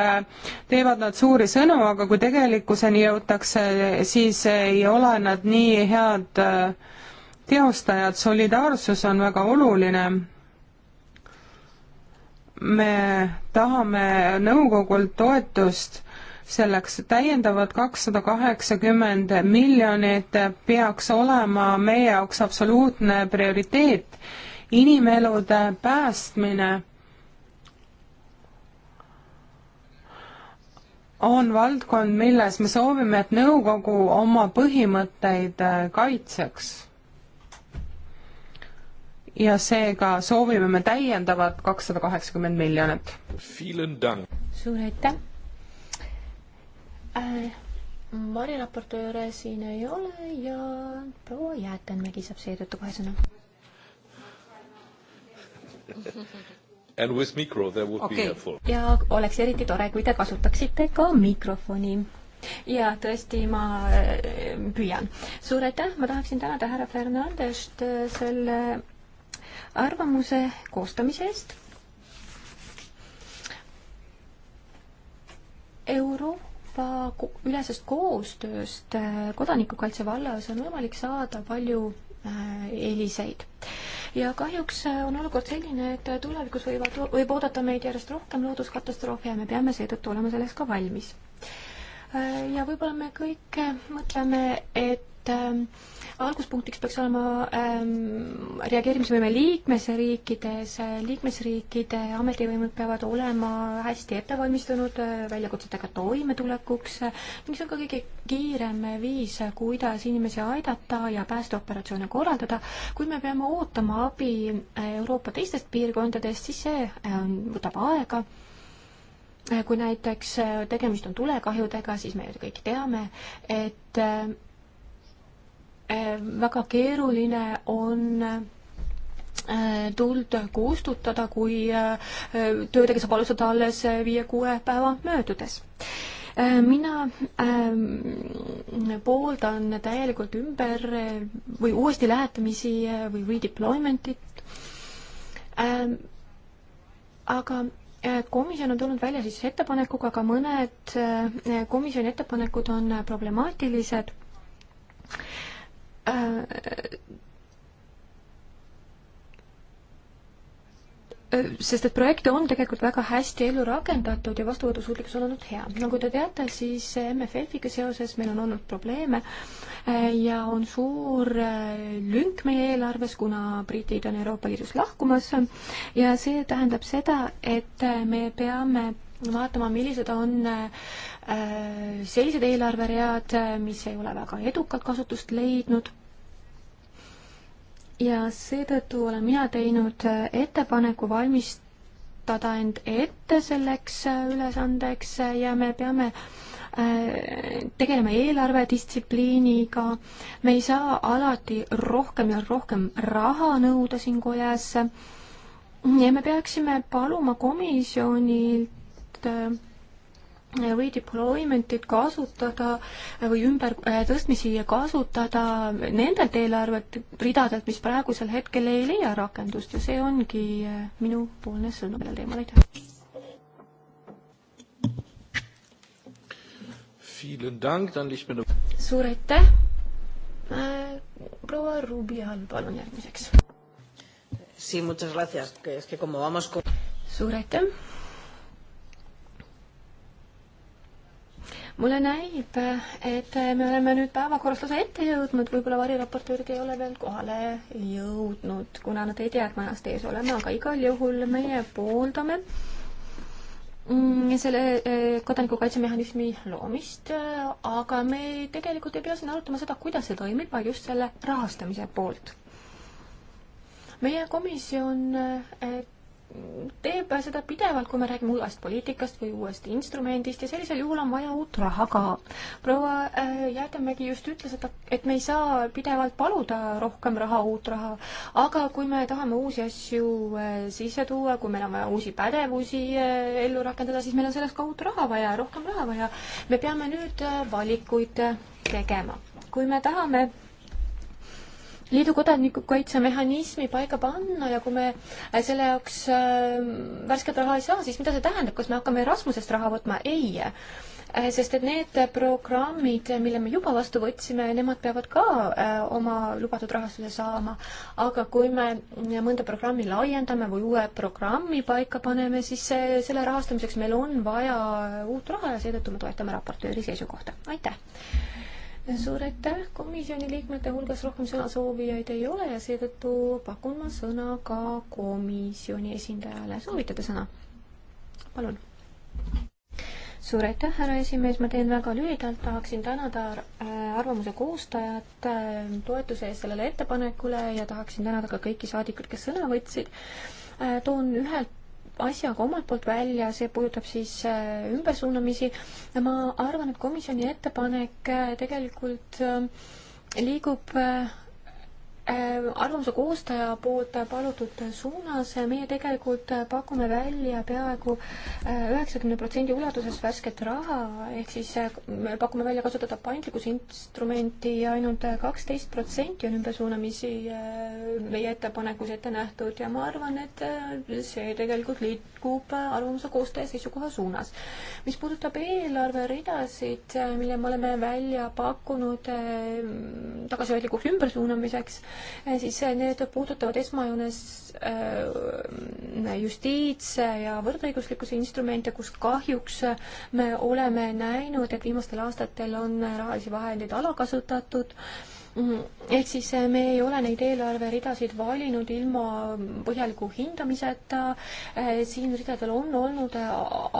teevad nad suuri sõnu, aga kui tegelikkuseni jõutakse, siis ei ole nad nii head äh, teostajad, solidaarsus on väga oluline. me tahame nõukogult toetust selleks täiendavad kakssada kaheksakümmend miljonit peaks olema meie jaoks absoluutne prioriteet. inimelude päästmine on valdkond, milles me soovime, et nõukogu oma põhimõtteid äh, kaitseks. ja seega soovime me täiendavat kakssada kaheksakümmend miljonit. suur aitäh! Äh, variraportööre siin ei ole ja proua Jäätenmägi saab seetõttu kohe sõna. And with micro that would okay. be helpful. ja oleks eriti tore, kui te kasutaksite ka mikrofoni. ja tõesti, ma äh, püüan. suur aitäh, ma tahaksin tänada härra Fernandest äh, selle arvamuse koostamise eest. euro Euroopa ülesest koostööst äh, kodanikukaitse vallas on võimalik saada palju äh, eeliseid. ja kahjuks äh, on olukord selline, et tulevikus võivad, võib oodata meid järjest rohkem looduskatastroofe ja me peame seetõttu olema selleks ka valmis. ja võib-olla me kõik mõtleme, et et ähm, alguspunktiks peaks olema ähm, reageerimisvõime liikmesriikides, liikmesriikide ametivõimud peavad olema hästi ettevalmistunud äh, väljakutsetega toimetulekuks ning see on ka kõige kiirem viis, kuidas inimesi aidata ja päästeoperatsioone korraldada. kui me peame ootama abi äh, Euroopa teistest piirkondadest, siis see ähm, võtab aega äh, kui näiteks tegemist on tulekahjudega, siis me kõik teame, et Äh, väga keeruline on äh, tuld kustutada, kui äh, töödega saab alustada alles viie-kuue päeva möödudes. mina ähm, pooldan täielikult ümber või uuesti lähetamisi või redeployment'it ähm,. aga komisjon on tulnud välja siis ettepanekuga, aga mõned komisjoni ettepanekud on problemaatilised Äh, sest et projekte on tegelikult väga hästi ellu rakendatud ja vastuvõtusuutlikkus on olnud hea. nagu te teate, siis MFF-iga seoses meil on olnud probleeme äh, ja on suur äh, lünk meie eelarves, kuna britid on Euroopa Liidust lahkumas ja see tähendab seda, et me peame vaatama, millised on sellised eelarveread, mis ei ole väga edukalt kasutust leidnud ja seetõttu olen mina teinud äh, ettepaneku valmistada end ette selleks äh, ülesandeks äh, ja me peame tegelema eelarvedistsipliiniga, me ei saa alati rohkem ja rohkem raha nõuda siin kojas ja me peaksime paluma komisjonilt redeployment'it kasutada või ümbertõstmisi äh, kasutada nendelt eelarveridadelt, mis praegusel hetkel ei leia rakendust ja see ongi äh, minupoolne sõnum sellel teemal, aitäh. suur aitäh. Äh, proua Rubial, palun järgmiseks. suur aitäh mulle näib, et me oleme nüüd päevakorrast osa ette jõudnud, võib-olla variraportöörid ei ole veel kohale jõudnud, kuna nad ei tea, et me ajast ees oleme, aga igal juhul meie pooldame mm, selle eh, kodanikukaitsemehhanismi loomist, aga me tegelikult ei pea siin arutama seda, kuidas see toimib, vaid just selle rahastamise poolt. meie komisjon eh, teeb seda pidevalt, kui me räägime uuest poliitikast või uuest instrumendist ja sellisel juhul on vaja uut raha ka. proua äh, Jäätemägi just ütles, et, et me ei saa pidevalt paluda rohkem raha, uut raha, aga kui me tahame uusi asju äh, sisse tuua, kui meil on vaja uusi pädevusi äh, ellu rakendada, siis meil on selleks ka uut raha vaja, rohkem raha vaja. me peame nüüd äh, valikuid äh, tegema. kui me tahame liidu kodanikukaitsemehhanismi paika panna ja kui me äh, selle jaoks äh, värsket raha ei saa, siis mida see tähendab, kas me hakkame Erasmusest raha võtma? ei äh, sest et need programmid, mille me juba vastu võtsime, nemad peavad ka oma lubatud rahastuse saama. aga kui me mõnda programmi laiendame või uue programmi paika paneme, siis selle rahastamiseks meil on vaja uut raha ja seetõttu me toetame raportööri seisukohta. aitäh! suur aitäh, komisjoni liikmete hulgas rohkem sõnasoovijaid ei ole ja seetõttu pakun ma sõna ka komisjoni esindajale. soovitate sõna? palun. suur aitäh, härra esimees, ma teen väga lühidalt, tahaksin tänada äh, arvamuse koostajat äh, toetuse eest sellele ettepanekule ja tahaksin tänada ka kõiki saadikuid, kes sõna võtsid. Äh, toon ühelt asja ka omalt poolt välja, see puudutab siis äh, ümbersuunamisi. ma arvan, et komisjoni ettepanek äh, tegelikult äh, liigub Äh, arvamuse koostaja poolt palutud suunas. meie tegelikult pakume välja peaaegu äh, üheksakümne protsendi ulatuses värsket raha, ehk siis äh, pakume välja kasutada paindlikkusinstrumenti ja ainult kaksteist protsenti on ümbersuunamisi meie ettepanekus ette nähtud ja ma arvan, et see tegelikult liigub arvamuse koostaja seisukoha suunas. mis puudutab eelarveridasid, mille me oleme välja pakkunud tagasihoidlikuks ümbersuunamiseks, Äh, siis äh, need puudutavad esmajoones äh, justiits- ja võrdõiguslikkuse instrumente, kus kahjuks me oleme näinud, et viimastel aastatel on rahalisi vahendeid alakasutatud Mhm. ehk siis eh, me ei ole neid eelarveridasid valinud ilma põhjaliku hindamiseta, eh, siin ridadel on olnud eh,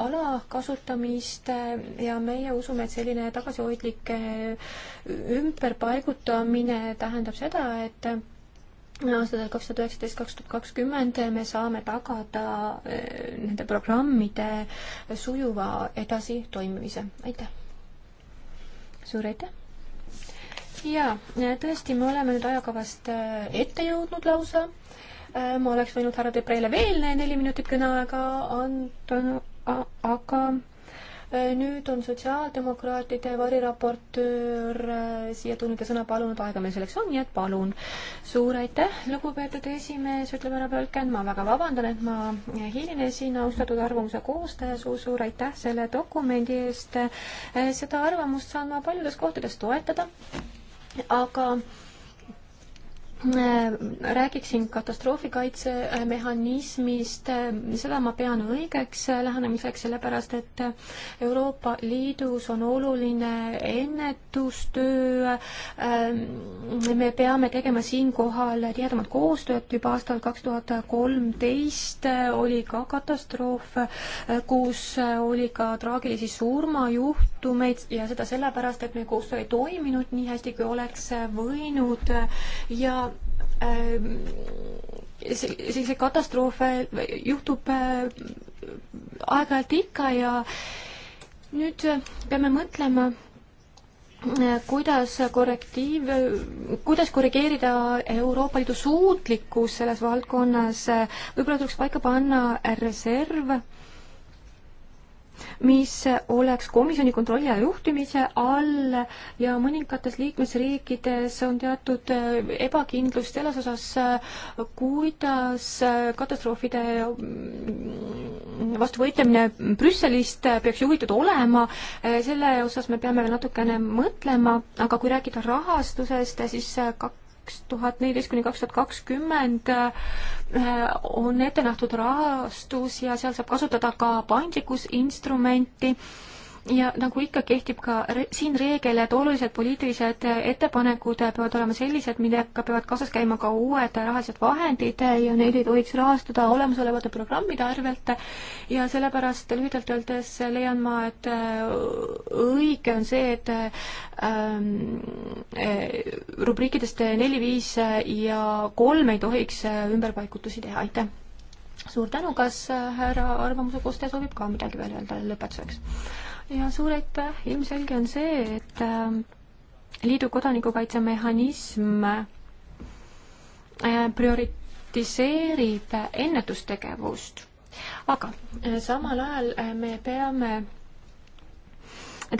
alakasutamist ja meie usume, et selline tagasihoidlik ümberpaigutamine tähendab seda, et aastatel kaks tuhat üheksateist, kaks tuhat kakskümmend me saame tagada nende programmide sujuva edasitoimimise. aitäh! suur aitäh! jaa, tõesti, me oleme nüüd ajakavast äh, ette jõudnud lausa. Äh, ma oleks võinud härra Debrele veel neli minutit kõneaega anda, aga äh, nüüd on sotsiaaldemokraatide variraportöör siia tulnud ja sõna palunud, aega meil selleks on, nii et palun. suur aitäh, lugupeetud esimees, ütleb härra Pölken, ma väga vabandan, et ma hilinesin, austatud arvamuse koostaja, suur-suur aitäh selle dokumendi eest. seda arvamust saan ma paljudes kohtades toetada aga Äh, räägiksin katastroofikaitsemehhanismist, äh, seda ma pean õigeks äh, lähenemiseks, sellepärast et Euroopa Liidus on oluline ennetustöö. me peame tegema siinkohal tihedamat koostööd, juba aastal kaks tuhat kolmteist oli ka katastroof, kus oli ka traagilisi surmajuhtumeid ja seda sellepärast, et meie koostöö ei toiminud nii hästi, kui oleks võinud ja Ähm, selliseid katastroofe juhtub äh, aeg-ajalt ikka ja nüüd äh, peame mõtlema, äh, kuidas korrektiiv, kuidas korrigeerida Euroopa Liidu suutlikkus selles valdkonnas, võib-olla tuleks paika panna reserv mis oleks komisjoni kontrolli ja juhtimise all ja mõningates liikmesriikides on teatud äh, ebakindlus selles osas, äh, kuidas äh, katastroofide mm, vastu võitlemine Brüsselist peaks juhitud olema, selle osas me peame veel natukene mõtlema, aga kui rääkida rahastusest, siis kaks kaks tuhat neliteist kuni kaks tuhat kakskümmend äh, on ette nähtud rahastus ja seal saab kasutada ka paindlikkusinstrumenti ja nagu ikka, kehtib ka re siin reegel, et olulised poliitilised ettepanekud peavad olema sellised, millega peavad kaasas käima ka uued rahalised vahendid ja neid ei tohiks rahastada olemasolevate programmide arvelt. ja sellepärast lühidalt öeldes leian ma, et äh, õige on see, et ähm, äh, rubriikidest neli, viis äh, ja kolm ei tohiks ümberpaigutusi teha, aitäh! suur tänu, kas härra arvamuse koostaja soovib ka midagi veel öelda lõpetuseks? ja suur aitäh, ilmselge on see, et äh, liidu kodanikukaitsemehhanism äh, prioritiseerib ennetustegevust, aga äh, samal ajal me peame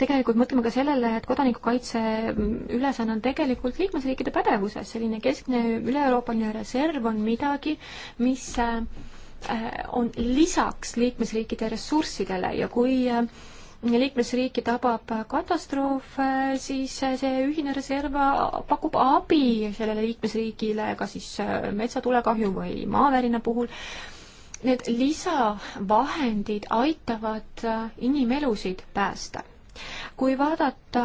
tegelikult mõtlema ka sellele, et kodanikukaitse mm, ülesanne on tegelikult liikmesriikide pädevuses, selline keskne üle-euroopaline reserv on midagi, mis on lisaks liikmesriikide ressurssidele ja kui liikmesriiki tabab katastroof, siis see ühine reserv pakub abi sellele liikmesriigile, kas siis metsatulekahju või maavärina puhul. Need lisavahendid aitavad inimelusid päästa. kui vaadata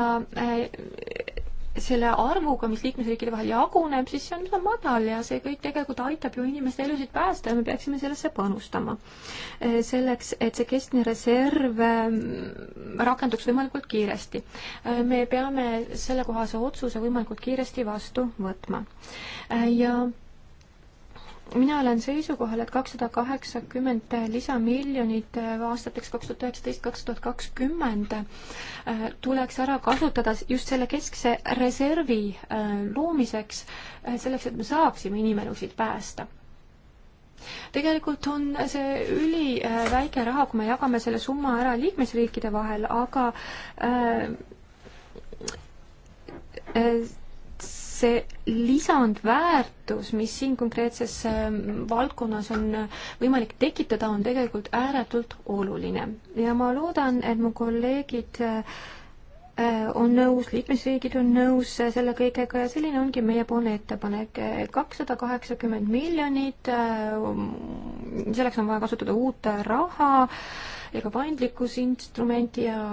selle arvuga, mis liikmesriikide vahel jaguneb, siis see on üsna madal ja see kõik tegelikult aitab ju inimeste elusid päästa ja me peaksime sellesse panustama. Eh, selleks, et see keskne reserv eh, rakenduks võimalikult kiiresti. Eh, me peame sellekohase otsuse võimalikult kiiresti vastu võtma. ja mina olen seisukohal, et kakssada kaheksakümmend lisamiljonit äh, aastateks kaks tuhat üheksateist, kaks tuhat kakskümmend äh, tuleks ära kasutada just selle keskse reservi äh, loomiseks, selleks, et me saaksime inimelusid päästa tegelikult on see üliväike raha, kui me jagame selle summa ära liikmesriikide vahel, aga äh, äh, see lisandväärtus, mis siin konkreetses ähm, valdkonnas on äh, võimalik tekitada, on tegelikult ääretult oluline. ja ma loodan, et mu kolleegid äh, Äh, on nõus, liikmesriigid on nõus äh, selle kõigega ja selline ongi meiepoolne ettepanek. Äh, kakssada kaheksakümmend miljonit, selleks on vaja kasutada uut raha ega paindlikkusinstrumenti ja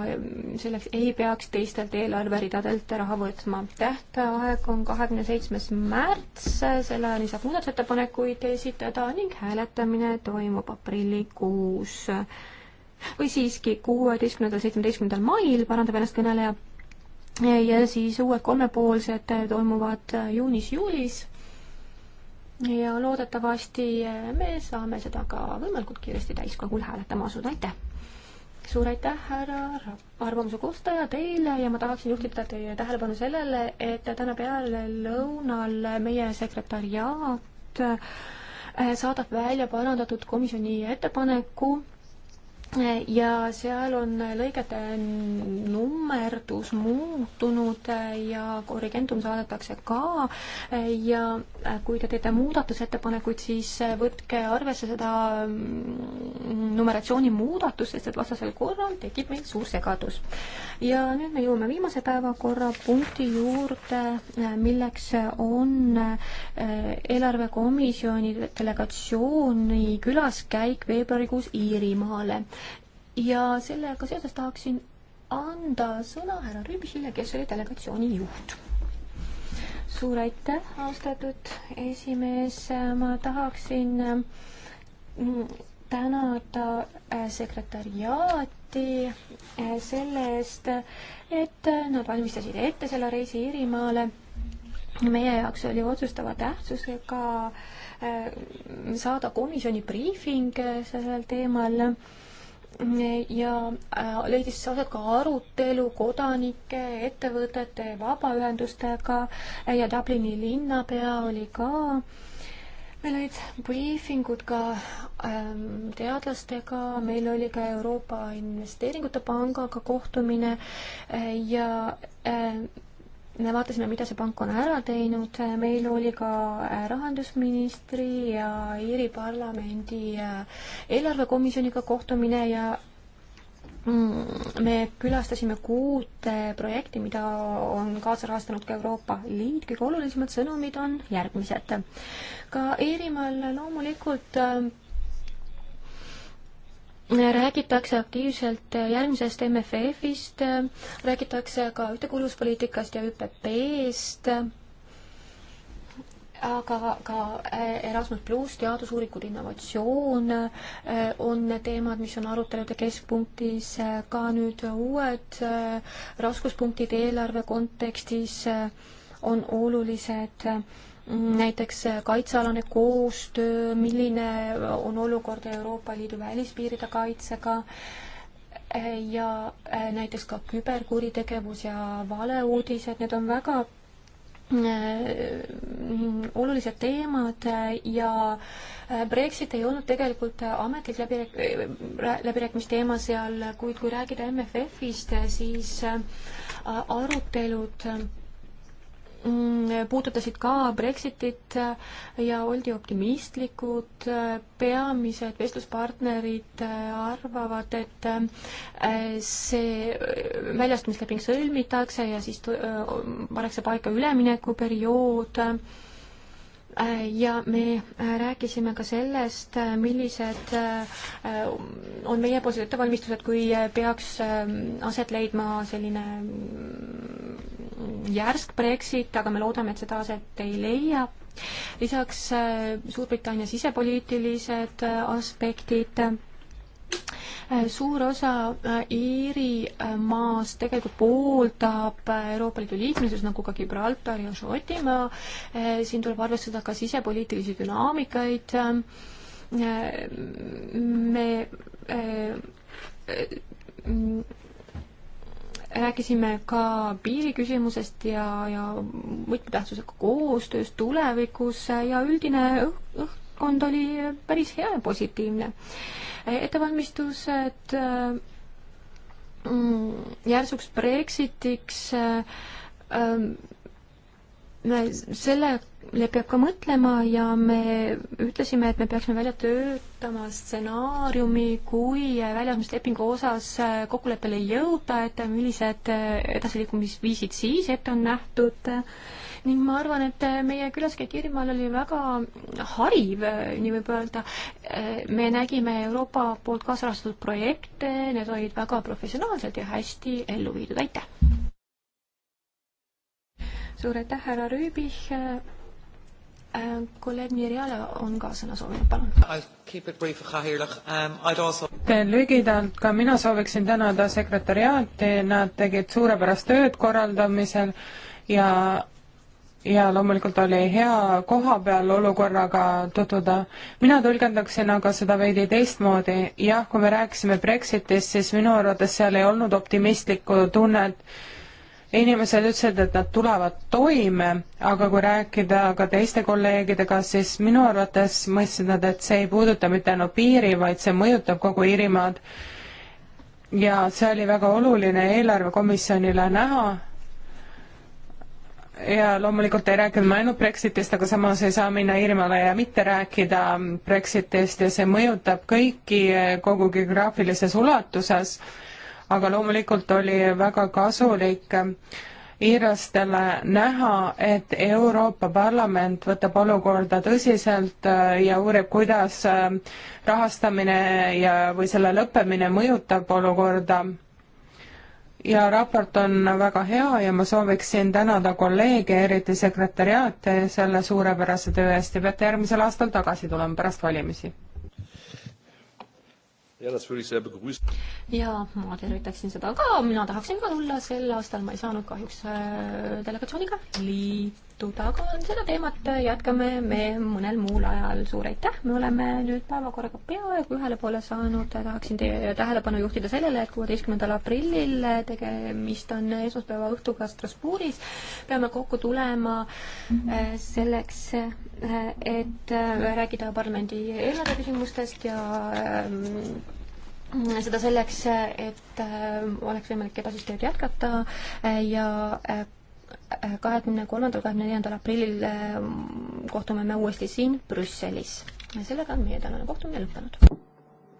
selleks ei peaks teistelt eelarveridadelt raha võtma. tähtaeg on kahekümne seitsmes märts, selle ajani saab muudatusettepanekuid esitada ning hääletamine toimub aprillikuus või siiski kuueteistkümnendal, seitsmeteistkümnendal mail, parandab ennast kõneleja, ja siis uued kolmepoolsed toimuvad juunis-juulis ja loodetavasti me saame seda ka võimalikult kiiresti täiskogul hääletama asuda, aitäh! suur aitäh, härra arvamuse koostaja teile ja ma tahaksin juhtida teie tähelepanu sellele, et täna pealelõunal meie sekretariaat äh, saadab välja parandatud komisjoni ettepaneku ja seal on lõigete nummerdus muutunud ja korrigendum saadetakse ka ja kui te teete muudatusettepanekuid, siis võtke arvesse seda mm, numeratsiooni muudatust, sest et vastasel korral tekib meil suur segadus. ja nüüd me jõuame viimase päevakorrapunkti juurde, milleks on eh, eelarvekomisjoni delegatsiooni külaskäik veebruarikuus Iirimaale ja sellega seoses tahaksin anda sõna härra Rüübisile, kes oli delegatsiooni juht. suur aitäh, austatud esimees, ma tahaksin mm, tänada äh, sekretäriaati äh, selle eest, et nad valmistasid ette selle reisi Iirimaale meie jaoks oli otsustava tähtsusega äh, saada komisjoni briifing sellel teemal ja äh, leidis aset ka arutelu kodanike, ettevõtete, vabaühendustega äh, ja Dublini linnapea oli ka. meil olid briifingud ka ähm, teadlastega, meil oli ka Euroopa Investeeringute Pangaga kohtumine äh, ja äh, me vaatasime, mida see pank on ära teinud, meil oli ka äh, rahandusministri ja Iiri parlamendi äh, eelarvekomisjoniga kohtumine ja mm, me külastasime kuut äh, projekti, mida on kaasa rahastanud ka Euroopa Liit, kõige olulisemad sõnumid on järgmised. ka Iirimaal loomulikult räägitakse aktiivselt järgmisest MFF-ist, räägitakse ka ühtekuuluvuspoliitikast ja ÜPP-st, aga ka eh, Erasmus pluss, teadusuuringud, innovatsioon eh, on teemad, mis on arutelude keskpunktis, eh, ka nüüd uued raskuspunktid eelarve kontekstis on olulised näiteks kaitsealane koostöö, milline on olukord Euroopa Liidu välispiiride kaitsega ja äh, näiteks ka küberkuritegevus ja valeuudised, need on väga äh, olulised teemad äh, ja Brexit ei olnud tegelikult ametlik läbirääk-, läbirääkimisteema seal, kuid kui rääkida MFF-ist, siis arutelud Mm, puudutasid ka Brexitit äh, ja oldi optimistlikud. Äh, peamised vestluspartnerid äh, arvavad, et see väljastamisleping sõlmitakse ja siis pannakse paika üleminekuperiood ja me rääkisime ka sellest, millised on meiepoolsed ettevalmistused, kui peaks aset leidma selline mm, järsk Brexit, aga me loodame, et seda aset ei leia. lisaks äh, Suurbritannia sisepoliitilised äh, aspektid äh, suur osa Iirimaast tegelikult pooldab Euroopa Liidu liikmesus, nagu ka Gibraltar ja Šotimaa. siin tuleb arvestada ka sisepoliitilisi dünaamikaid. me rääkisime ka piiriküsimusest ja, ja võtmetähtsusega koostööst tulevikus ja üldine õhkkond oli päris hea ja positiivne. ettevalmistused mm, järsuks Brexitiks, äh, äh, selle peab ka mõtlema ja me ütlesime, et me peaksime välja töötama stsenaariumi, kui väljasmislepingu osas kokkuleppele ei jõuta, et millised edasiliikumisviisid siis ette on nähtud ning ma arvan, et meie külaskäik Iirimaal oli väga hariv, nii võib öelda. me nägime Euroopa poolt kaasrahastatud projekte, need olid väga professionaalsed ja hästi ellu viidud, aitäh! suur aitäh, härra Rüübich! Äh, kolleeg Mirjala on ka sõna soovinud, palun. Um, lühidalt ka mina sooviksin tänada sekretäriaati, nad tegid suurepärast tööd korraldamisel ja ja loomulikult oli hea koha peal olukorraga tutvuda. mina tõlgendaksin aga seda veidi teistmoodi. jah, kui me rääkisime Brexitist, siis minu arvates seal ei olnud optimistlikku tunnet inimesed ütlesid, et nad tulevad toime, aga kui rääkida ka teiste kolleegidega, siis minu arvates mõistsid nad, et see ei puuduta mitte ainult piiri, vaid see mõjutab kogu Iirimaad. ja see oli väga oluline eelarvekomisjonile näha. ja loomulikult ei rääkinud ma ainult Brexitist, aga samas ei saa minna Iirimaale ja mitte rääkida Brexitist ja see mõjutab kõiki kogu geograafilises ulatuses aga loomulikult oli väga kasulik iirlastele näha, et Euroopa Parlament võtab olukorda tõsiselt äh, ja uurib, kuidas äh, rahastamine ja, või selle lõppemine mõjutab olukorda. ja raport on väga hea ja ma sooviksin tänada kolleege, eriti sekretäriaate selle suurepärase töö eest ja peate järgmisel aastal tagasi tulema pärast valimisi ja ma tervitaksin seda ka, mina tahaksin ka tulla, sel aastal ma ei saanud kahjuks äh, delegatsiooniga liituda, aga seda teemat jätkame me mõnel muul ajal. suur aitäh, me oleme nüüd päevakorraga peaaegu ühele poole saanud, tahaksin teie tähelepanu juhtida sellele, et kuueteistkümnendal aprillil tegemist on esmaspäeva õhtuga Strasbourgis, peame kokku tulema äh, selleks, äh, et rääkida parlamendi eelarve küsimustest ja ähm, seda selleks, et äh, oleks võimalik edasist tööd jätkata äh, ja äh, kahekümne kolmandal, kahekümne neljandal aprillil kohtume me uuesti siin Brüsselis. sellega on meie tänane kohtumine lõppenud.